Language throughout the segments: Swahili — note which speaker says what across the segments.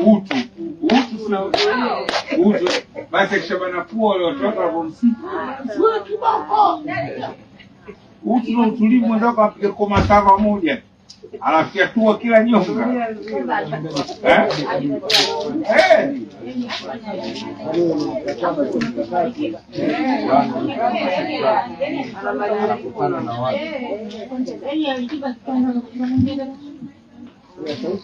Speaker 1: utu utu basi akishabana pua wale watu wake wanapomsikia
Speaker 2: wewe kiboko
Speaker 1: utu na utulivu mwenzako apige koma saba moja alafu kila nyonga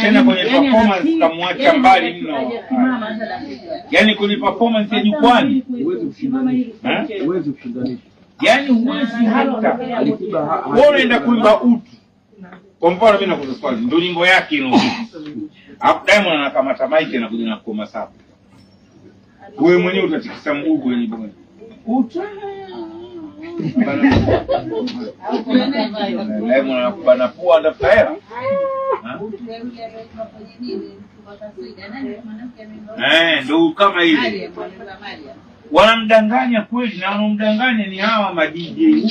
Speaker 1: tena kwenye yaani performance kamwacha yaani mbali mno, yaani kwenye performance ya jukwani
Speaker 3: huwezi eh?
Speaker 1: yaani huwezi hata wewe unaenda kuimba utu. Kwa mfano mimi nakuza swali, ndio nyimbo yake ile hapo, Diamond anakamata maiki na kuja na kukoma wewe mwenyewe utatikisa mguu kwenye nyimbo Diamond anakubana pua anatafuta hela Eh, ndo kama hivi wanamdanganya kweli, na wanamdanganya ni hawa madiji.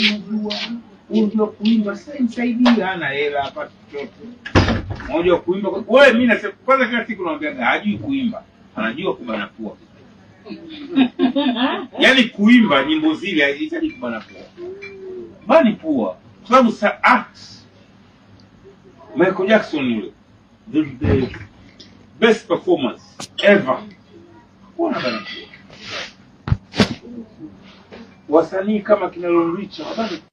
Speaker 1: Huyu ndio kuimba sasa, hela hapa mmoja wa kuimba. Wewe mimi na kwanza, kila siku naambia hajui kuimba, anajua kubana pua. Yaani kuimba nyimbo zile haihitaji kubana pua, bani pua, kwa sababu sa ah, Michael Jackson yule the, the best performance ever. bana wasanii kama kina Lon Richard